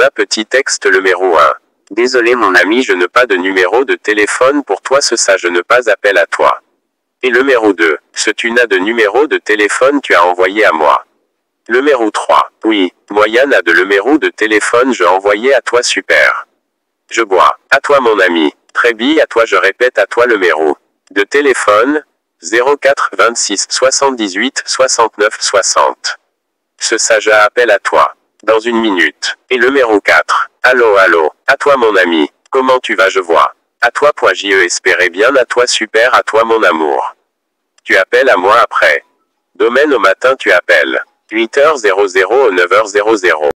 Un petit texte numéro 1. Désolé mon ami, je n'ai pas de numéro de téléphone pour toi, ce ça, ne pas appel à toi. Et le numéro 2, ce tu n'as de numéro de téléphone, tu as envoyé à moi. Le numéro 3, oui, Moyenne a de numéro de téléphone, je envoyé à toi, super. Je bois, à toi mon ami, très bien, à toi, je répète à toi le numéro de téléphone 04 26 78 69 60. Ce sage appelle à toi. Dans une minute. Et numéro 4. Allô allô. À toi mon ami. Comment tu vas je vois. À toi point je espérais bien à toi super à toi mon amour. Tu appelles à moi après. Domaine au matin tu appelles. 8h00 au 9h00.